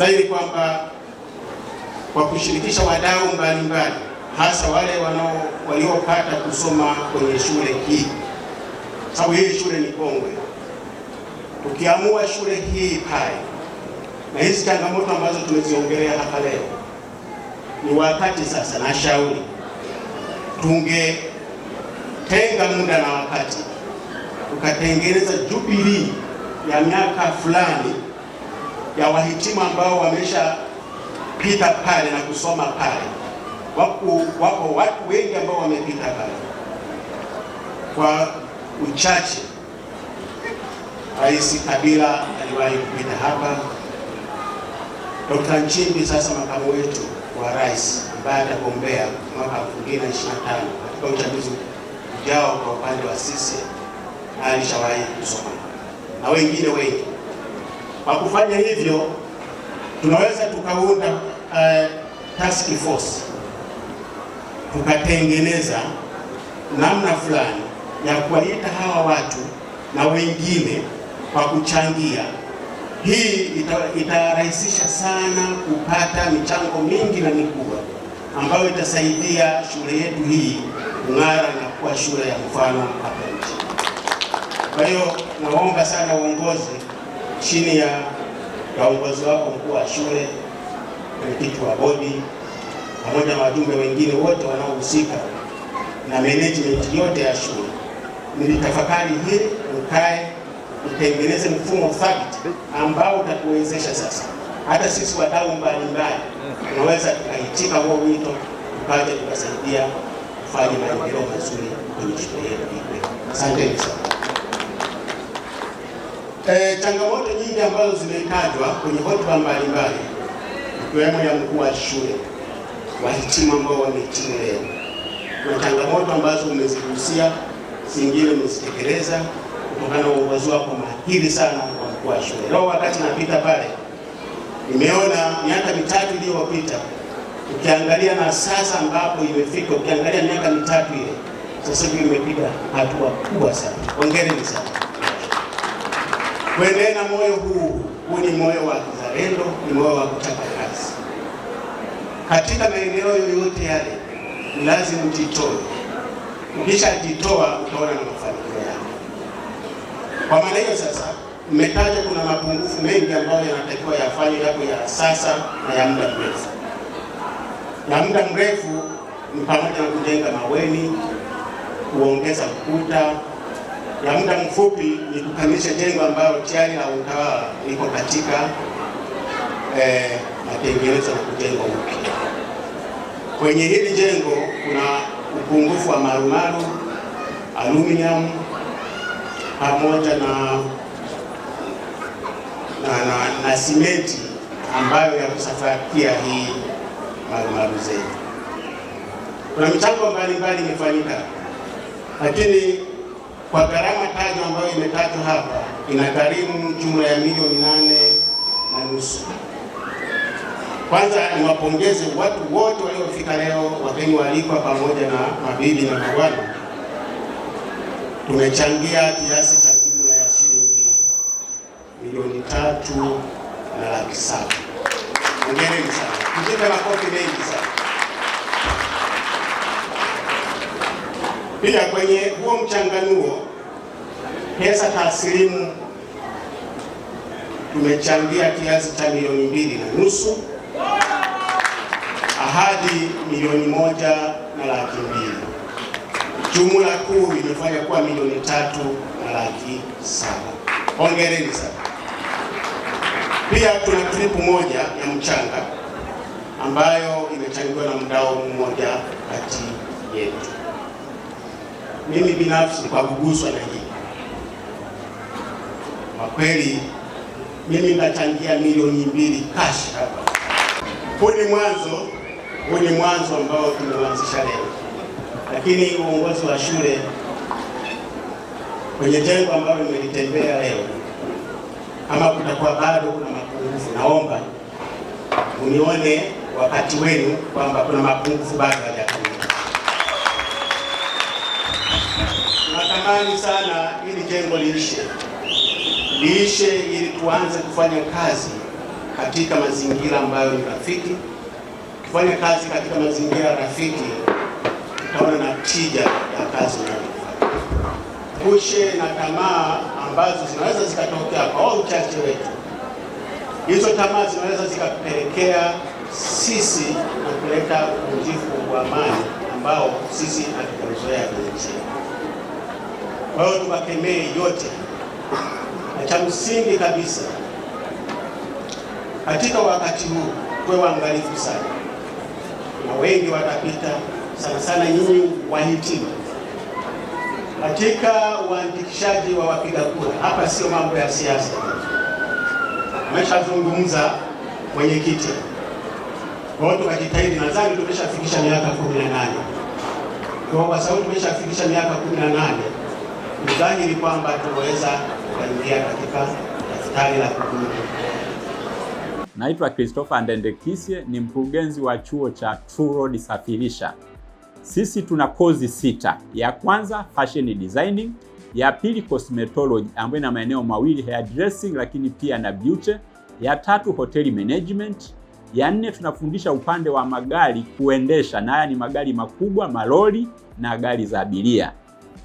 dhahiri kwamba kwa kushirikisha wadau mbalimbali hasa wale wanao waliopata kusoma kwenye shule hii, sababu hii shule ni kongwe. Tukiamua shule hii pale na hizi changamoto ambazo tumeziongelea hapa leo, ni wakati sasa, na shauri tungetenga muda na wakati tukatengeneza jubilii ya miaka fulani ya wahitimu ambao wameshapita pale na kusoma pale. Wako, wako watu wengi ambao wamepita pale. Kwa uchache, Rais Kabila aliwahi kupita hapa. Dr. Nchimbi sasa makamu wetu wa rais ambaye atagombea mwaka 2025 katika uchaguzi ujao kwa upande wa sisi alishawahi kusoma na wengine wengi. Kwa kufanya hivyo, tunaweza tukaunda uh, task force tukatengeneza namna fulani ya kuwaita hawa watu na wengine kwa kuchangia. Hii itarahisisha ita sana kupata michango mingi na mikubwa ambayo itasaidia shule yetu hii kung'ara na kuwa shule ya mfano hapa nchini. Kwa hiyo naomba sana uongozi chini ya uongozi wako mkuu wa shule, mwenyekiti wa bodi, pamoja na wajumbe wengine wote wanaohusika na management yote ya shule, nilitafakari hili, mkae mtengeneze mfumo thabiti ambao utatuwezesha sasa hata sisi wadau mbalimbali tunaweza tukaitika huo wito, tukaja tukasaidia kufanya maendeleo mazuri kwenye shule yetu. Asanteni sana. E, changamoto nyingi ambazo zimetajwa kwenye hotuba mbalimbali ikiwemo ya mkuu wa shule, wahitimu ambao wamehitimu leo, kuna changamoto ambazo umezigusia, zingine umezitekeleza kutokana na uongozi wako mahiri sana kwa mkuu wa shule. Leo wakati napita pale, nimeona miaka mitatu iliyopita ukiangalia na sasa ambapo imefika, ukiangalia miaka mitatu ile sasa hivi imepiga hatua kubwa sana. Hongereni sana. Mwendelee na moyo huu, huu ni moyo wa kizalendo, ni moyo wa kutaka kazi. Katika maeneo yoyote yale lazima ujitoe, ukishajitoa utaona na mafanikio yako. Kwa maana hiyo sasa, mmetaja kuna mapungufu mengi ambayo yanatakiwa yafanywe, yako ya sasa na ya muda mrefu. Ya muda mrefu ni pamoja na kujenga maweni, kuongeza ukuta ya muda mfupi ni kukamilisha jengo ambalo tayari la utawala liko katika eh, matengenezo na kujengwa upya. Kwenye hili jengo kuna upungufu wa marumaru, aluminium pamoja na na, na, na simenti ambayo ya kusafiria hii marumaru zetu. Kuna michango mbalimbali imefanyika, lakini kwa gharama tajwa ambayo imetajwa hapa, inagharimu jumla ya milioni nane na nusu. Kwanza niwapongeze watu wote waliofika leo, wageni waalikwa, pamoja na mabibi na mabwana. Tumechangia kiasi cha jumla ya shilingi milioni tatu na laki saba. Hongereni sana, mpiga makofi mengi sana. Pia kwenye huo mchanganuo pesa taslimu tumechangia kiasi cha milioni mbili na nusu, ahadi milioni moja na laki mbili, jumla kuu imefanya kuwa milioni tatu na laki saba. Hongereni sana. Pia tuna tripu moja ya mchanga ambayo imechangiwa na mdau mmoja kati yetu mimi binafsi kwa kuguswa na hii kwa kweli, mimi nitachangia milioni mbili kashi hapa. Huu ni mwanzo, huu ni mwanzo ambao tumeanzisha leo, lakini uongozi wa shule kwenye jengo ambalo nimelitembea leo, kama kutakuwa bado kuna mapungufu, naomba unione wakati wenu kwamba kuna mapungufu bado. natamani sana ili jengo liishe, liishe ili tuanze kufanya kazi katika mazingira ambayo ni rafiki. Ukifanya kazi katika mazingira rafiki, utaona na tija ya kazi unayofanya. Kushe na tamaa ambazo zinaweza zikatokea kwa uchache wetu. Hizo tamaa zinaweza zikatupelekea sisi na kuleta uvunjifu wa amani ambao sisi hatukuzoea kwenye nchi. Kwa hiyo tuwakemee yote, na cha msingi kabisa katika wakati huu tuwe waangalifu sana, na wengi watapita sana sana, nyinyi wahitimu katika uandikishaji wa wapiga kura. Hapa sio mambo ya siasa, ameshazungumza mwenyekiti. Kwa hiyo tukajitahidi, nadhani tumeshafikisha miaka 18 kwa sababu tumeshafikisha miaka 18 udhahiri kwamba tumeweza kuingia katika daftari la kudumu. Naitwa Christopher Ndendekisye, ni mkurugenzi wa chuo cha True Road Safirisha. Sisi tuna kozi sita. Ya kwanza fashion designing, ya pili cosmetology ambayo ina maeneo mawili hair dressing, lakini pia na beauty. Ya tatu hotel management. Ya nne tunafundisha upande wa magari kuendesha, na haya ni magari makubwa, malori na gari za abiria